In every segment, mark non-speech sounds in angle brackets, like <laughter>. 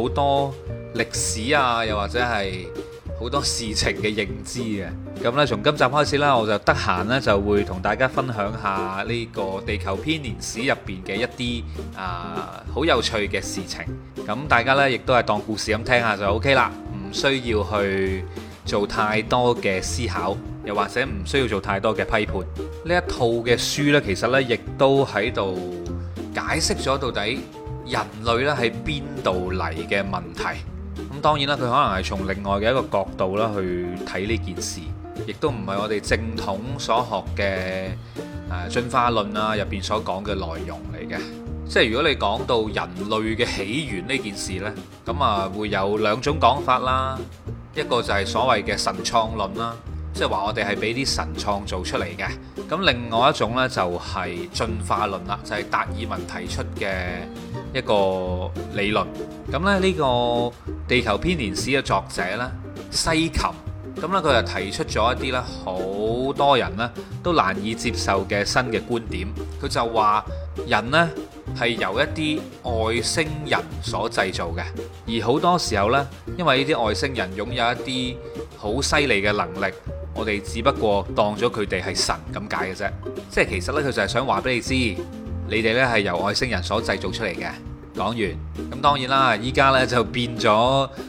好多歷史啊，又或者係好多事情嘅認知嘅。咁呢，從今集開始啦，我就得閒呢就會同大家分享下呢個地球編年史入邊嘅一啲啊好有趣嘅事情。咁大家呢亦都係當故事咁聽下就 OK 啦，唔需要去做太多嘅思考，又或者唔需要做太多嘅批判。呢一套嘅書呢，其實呢亦都喺度解釋咗到底人類咧，喺邊度嚟嘅問題。咁，當然啦，佢可能係從另外嘅一個角度啦，去睇呢件事，亦都唔係我哋正統所學嘅誒進化論啦入邊所講嘅內容嚟嘅。即係如果你講到人類嘅起源呢件事呢，咁啊會有兩種講法啦，一個就係所謂嘅神創論啦，即係話我哋係俾啲神創造出嚟嘅。咁另外一種呢，就係進化論啦，就係達爾文提出嘅。一個理論咁咧，呢個地球編年史嘅作者呢，西琴咁呢，佢就提出咗一啲呢好多人呢都難以接受嘅新嘅觀點。佢就話人呢係由一啲外星人所製造嘅，而好多時候呢，因為呢啲外星人擁有一啲好犀利嘅能力，我哋只不過當咗佢哋係神咁解嘅啫。即係其實呢，佢就係想話俾你知。你哋呢係由外星人所製造出嚟嘅。講完，咁當然啦，依家呢就變咗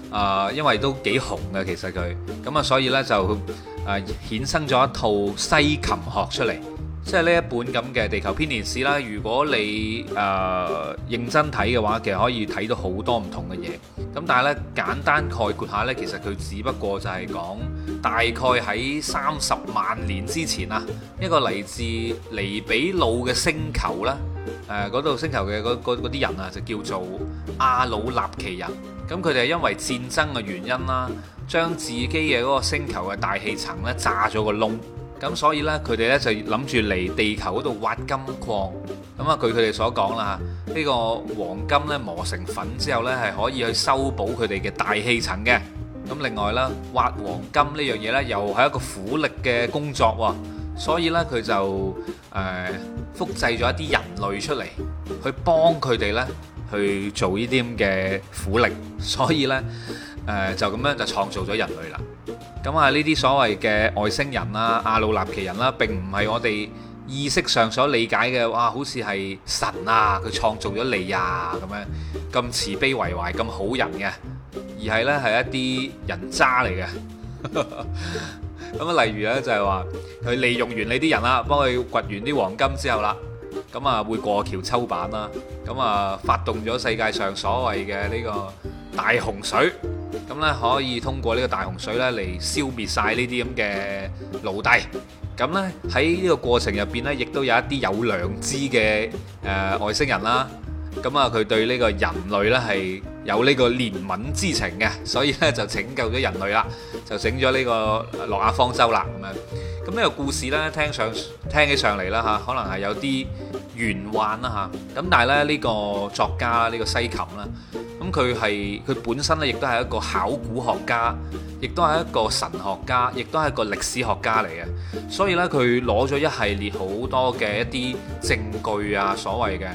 啊、呃，因為都幾紅嘅其實佢，咁啊所以呢就啊、呃、衍生咗一套西琴學出嚟，即係呢一本咁嘅地球編年史啦。如果你啊、呃、認真睇嘅話，其實可以睇到好多唔同嘅嘢。咁但係呢，簡單概括下呢，其實佢只不過就係講大概喺三十萬年之前啊，一個嚟自尼比魯嘅星球啦。誒，嗰度、啊、星球嘅嗰啲人啊，就叫做阿魯納奇人。咁佢哋係因為戰爭嘅原因啦、啊，將自己嘅嗰個星球嘅大氣層呢炸咗個窿。咁所以呢，佢哋呢就諗住嚟地球嗰度挖金礦。咁啊，據佢哋所講啦，呢個黃金呢磨成粉之後呢，係可以去修補佢哋嘅大氣層嘅。咁另外啦，挖黃金呢樣嘢呢，又係一個苦力嘅工作喎、啊。所以呢，佢就。誒、呃、複製咗一啲人類出嚟，去幫佢哋呢去做呢啲咁嘅苦力，所以呢，誒、呃、就咁樣就創造咗人類啦。咁啊呢啲所謂嘅外星人啦、啊、阿魯納奇人啦、啊，並唔係我哋意識上所理解嘅，哇好似係神啊，佢創造咗你呀、啊、咁樣咁慈悲為懷、咁好人嘅，而係呢，係一啲人渣嚟嘅。 <laughs> 咁啊，例如咧就係話佢利用完呢啲人啦，幫佢掘完啲黃金之後啦，咁啊會過橋抽板啦，咁啊發動咗世界上所謂嘅呢個大洪水，咁呢，可以通過呢個大洪水呢嚟，消滅晒呢啲咁嘅奴隸，咁呢，喺呢個過程入邊呢，亦都有一啲有良知嘅誒外星人啦。咁啊，佢對呢個人類呢係有呢個憐憫之情嘅，所以呢就拯救咗人類啦，就整咗呢個諾亞方舟啦咁樣。咁呢個故事呢，聽上聽起上嚟啦嚇，可能係有啲玄幻啦嚇。咁但係咧呢個作家呢個西琴啦，咁佢係佢本身呢，亦都係一個考古學家，亦都係一個神學家，亦都係一個歷史學家嚟嘅。所以呢，佢攞咗一系列好多嘅一啲證據啊，所謂嘅。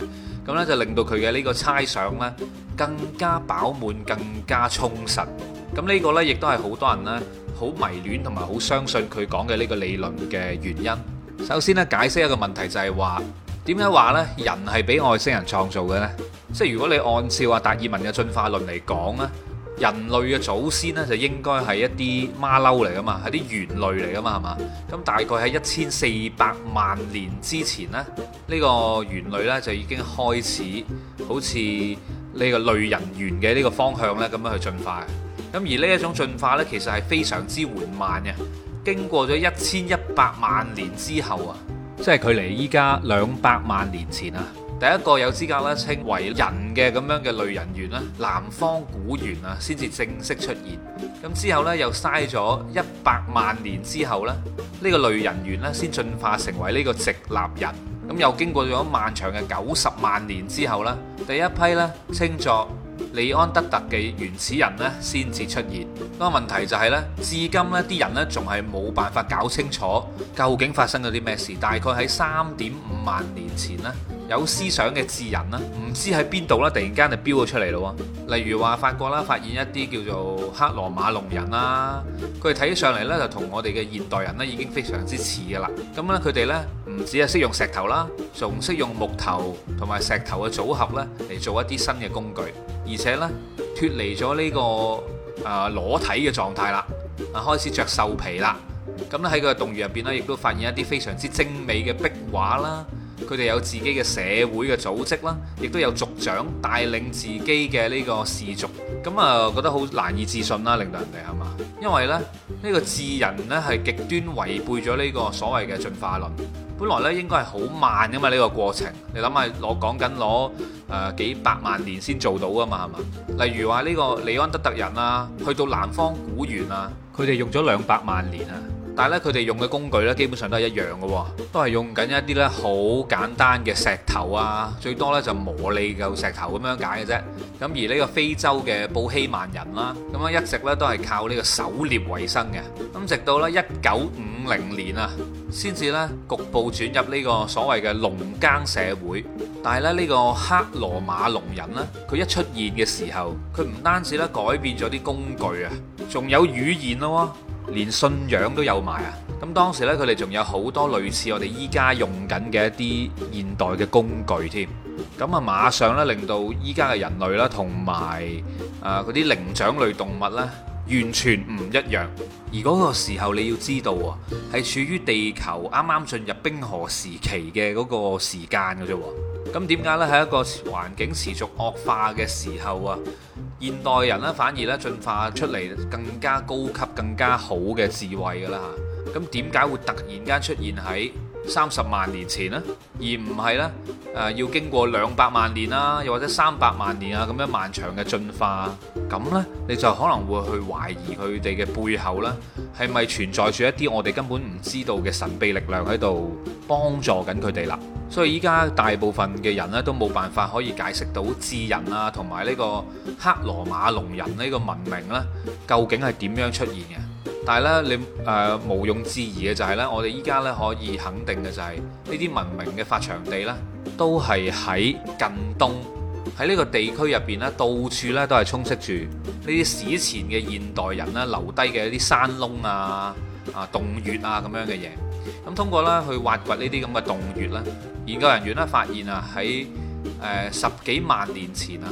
咁咧就令到佢嘅呢個猜想呢，更加飽滿、更加充實。咁呢個呢，亦都係好多人呢，好迷戀同埋好相信佢講嘅呢個理論嘅原因。首先呢，解釋一個問題就係話點解話呢人係俾外星人創造嘅呢？即係如果你按照阿達爾文嘅進化論嚟講咧。人類嘅祖先呢，就應該係一啲馬騮嚟噶嘛，係啲猿類嚟噶嘛，係嘛？咁大概喺一千四百萬年之前呢，呢個猿類呢，就已經開始好似呢個類人猿嘅呢個方向呢，咁樣去進化。咁而呢一種進化呢，其實係非常之緩慢嘅。經過咗一千一百萬年之後啊，即係距離依家兩百萬年前啊。第一個有資格咧稱為人嘅咁樣嘅類人猿啦，南方古猿啊，先至正式出現。咁之後咧又嘥咗一百萬年之後咧，呢個類人猿咧先進化成為呢個直立人。咁又經過咗漫長嘅九十萬年之後咧，第一批咧稱作。尼安德特嘅原始人咧，先至出現。不、那、過、個、問題就係、是、呢至今咧啲人咧仲係冇辦法搞清楚究竟發生咗啲咩事。大概喺三點五萬年前咧，有思想嘅智人咧，唔知喺邊度啦，突然間就飆咗出嚟咯。例如話，法國啦，發現一啲叫做克羅馬龍人啦，佢哋睇起上嚟呢，就同我哋嘅現代人咧已經非常之似噶啦。咁咧，佢哋呢。唔止係識用石頭啦，仲識用木頭同埋石頭嘅組合咧，嚟做一啲新嘅工具。而且咧脫離咗呢個啊、呃、裸體嘅狀態啦，啊開始着獸皮啦。咁咧喺個洞穴入邊咧，亦都發現一啲非常之精美嘅壁畫啦。佢哋有自己嘅社會嘅組織啦，亦都有族長帶領自己嘅呢個氏族。咁啊，覺得好難以置信啦，令到人哋係嘛，因為咧呢、呢個智人呢，係極端違背咗呢個所謂嘅進化論。本來咧應該係好慢噶嘛呢個過程，你諗下我講緊攞誒幾百萬年先做到噶嘛係嘛？例如話呢個尼安德特人啊，去到南方古猿啊，佢哋用咗兩百萬年啊。但係咧，佢哋用嘅工具咧，基本上都係一樣嘅，都係用緊一啲咧好簡單嘅石頭啊，最多咧就磨利嚿石頭咁樣解嘅啫。咁而呢個非洲嘅布希曼人啦，咁樣一直咧都係靠呢個狩獵為生嘅。咁直到咧一九五零年啊，先至咧局部轉入呢個所謂嘅農耕社會。但係咧呢個黑羅馬農人呢，佢一出現嘅時候，佢唔單止咧改變咗啲工具啊，仲有語言咯。連信仰都有埋啊！咁當時呢，佢哋仲有好多類似我哋依家用緊嘅一啲現代嘅工具添。咁啊，馬上呢，令到依家嘅人類啦，同埋誒嗰啲靈長類動物呢，完全唔一樣。而嗰個時候你要知道喎，係處於地球啱啱進入冰河時期嘅嗰個時間嘅啫。咁點解呢？喺一個環境持續惡化嘅時候啊！現代人咧，反而咧進化出嚟更加高級、更加好嘅智慧㗎喇吓。咁點解會突然間出現喺三十萬年前呢？而唔係呢，誒要經過兩百萬年啦，又或者三百萬年啊咁樣漫長嘅進化？咁呢，你就可能會去懷疑佢哋嘅背後呢，係咪存在住一啲我哋根本唔知道嘅神秘力量喺度幫助緊佢哋啦？所以依家大部分嘅人咧都冇辦法可以解釋到智人啊，同埋呢個黑羅馬龍人呢個文明呢，啊、究竟係點樣出現嘅，但係咧，你誒、呃、毋庸置疑嘅就係呢，我哋依家呢可以肯定嘅就係呢啲文明嘅發祥地咧，都係喺近東，喺呢個地區入邊呢，到處呢都係充斥住呢啲史前嘅現代人咧留低嘅一啲山窿啊，啊洞穴啊咁樣嘅嘢。咁通過咧去挖掘呢啲咁嘅洞穴咧，研究人員呢發現啊喺誒十幾萬年前啊，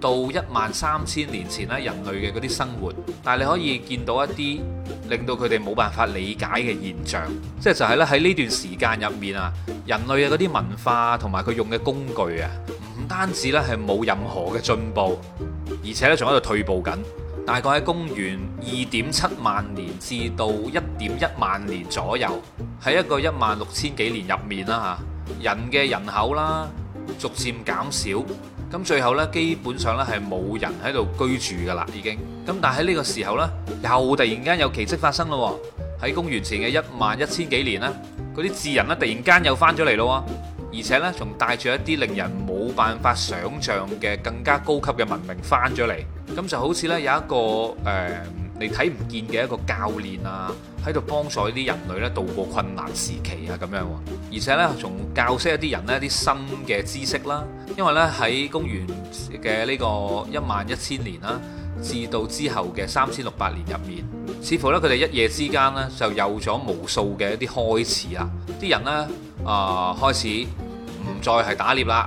到一萬三千年前咧，人類嘅嗰啲生活，但係你可以見到一啲令到佢哋冇辦法理解嘅現象，即係就係咧喺呢段時間入面啊，人類嘅嗰啲文化同埋佢用嘅工具啊，唔單止呢係冇任何嘅進步，而且呢仲喺度退步緊。大概喺公元二點七萬年至到一點一萬年左右，喺一個一萬六千幾年入面啦，吓人嘅人口啦，逐漸減少，咁最後呢，基本上呢，係冇人喺度居住噶啦，已經。咁但喺呢個時候呢，又突然間有奇蹟發生咯，喺公元前嘅一萬一千幾年呢，嗰啲智人呢，突然間又翻咗嚟咯，而且呢，仲帶住一啲令人辦法想像嘅更加高級嘅文明翻咗嚟，咁就好似呢有一個誒、呃、你睇唔見嘅一個教練啊，喺度幫助啲人類呢度過困難時期啊，咁樣，而且呢，仲教識一啲人呢啲新嘅知識啦、啊。因為呢喺公元嘅呢個一萬一千年啦、啊，至到之後嘅三千六百年入面，似乎呢，佢哋一夜之間呢就有咗無數嘅一啲開始啊，啲人呢，啊、呃、開始唔再係打獵啦。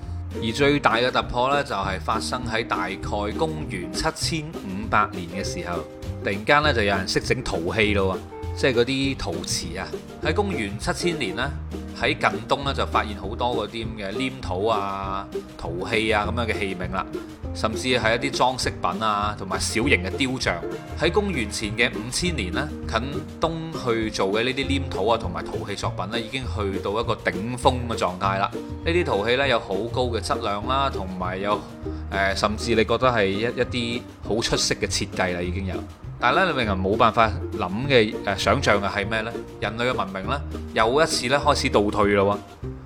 而最大嘅突破呢，就係發生喺大概公元七千五百年嘅時候，突然間呢，就有人識整陶器咯。即係嗰啲陶瓷啊，喺公元七千年呢，喺近東呢，就發現好多嗰啲嘅黏土啊、陶器啊咁樣嘅器皿啦，甚至係一啲裝飾品啊，同埋小型嘅雕像。喺公元前嘅五千年呢，近東去做嘅呢啲黏土啊同埋陶器作品呢，已經去到一個頂峰嘅狀態啦。呢啲陶器呢，有好高嘅質量啦，同埋有誒、呃，甚至你覺得係一一啲好出色嘅設計啦，已經有。但係咧，你仍然冇辦法諗嘅誒想像嘅係咩呢？人類嘅文明呢，又一次咧開始倒退咯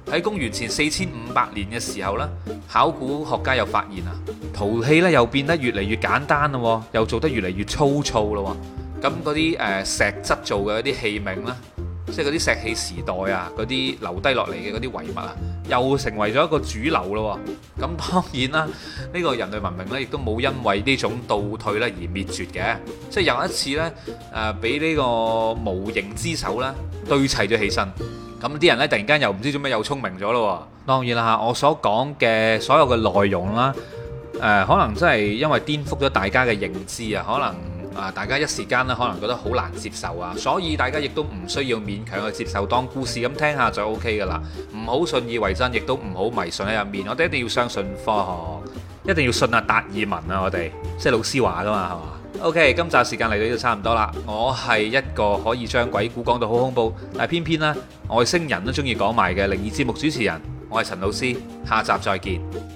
喎！喺公元前四千五百年嘅時候呢，考古學家又發現啊，陶器呢又變得越嚟越簡單咯，又做得越嚟越粗糙咯喎！咁嗰啲誒石質做嘅一啲器皿啦，即係嗰啲石器時代啊，嗰啲留低落嚟嘅嗰啲遺物啊。又成為咗一個主流咯，咁當然啦，呢個人類文明呢，亦都冇因為呢種倒退呢而滅絕嘅，即係有一次呢，誒俾呢個無形之手呢堆砌咗起身，咁啲人呢突然間又唔知做咩又聰明咗咯，當然啦嚇，我所講嘅所有嘅內容啦，誒可能真係因為顛覆咗大家嘅認知啊，可能。啊！大家一時間咧，可能覺得好難接受啊，所以大家亦都唔需要勉強去接受，當故事咁聽下就 OK 㗎喇，唔好信以為真，亦都唔好迷信喺入面。我哋一定要相信科學，一定要信阿達爾文啊！我哋即係老師話㗎嘛，係嘛？OK，今集時間嚟到呢度差唔多啦。我係一個可以將鬼故講到好恐怖，但偏偏咧外星人都鍾意講埋嘅靈異節目主持人，我係陳老師。下集再見。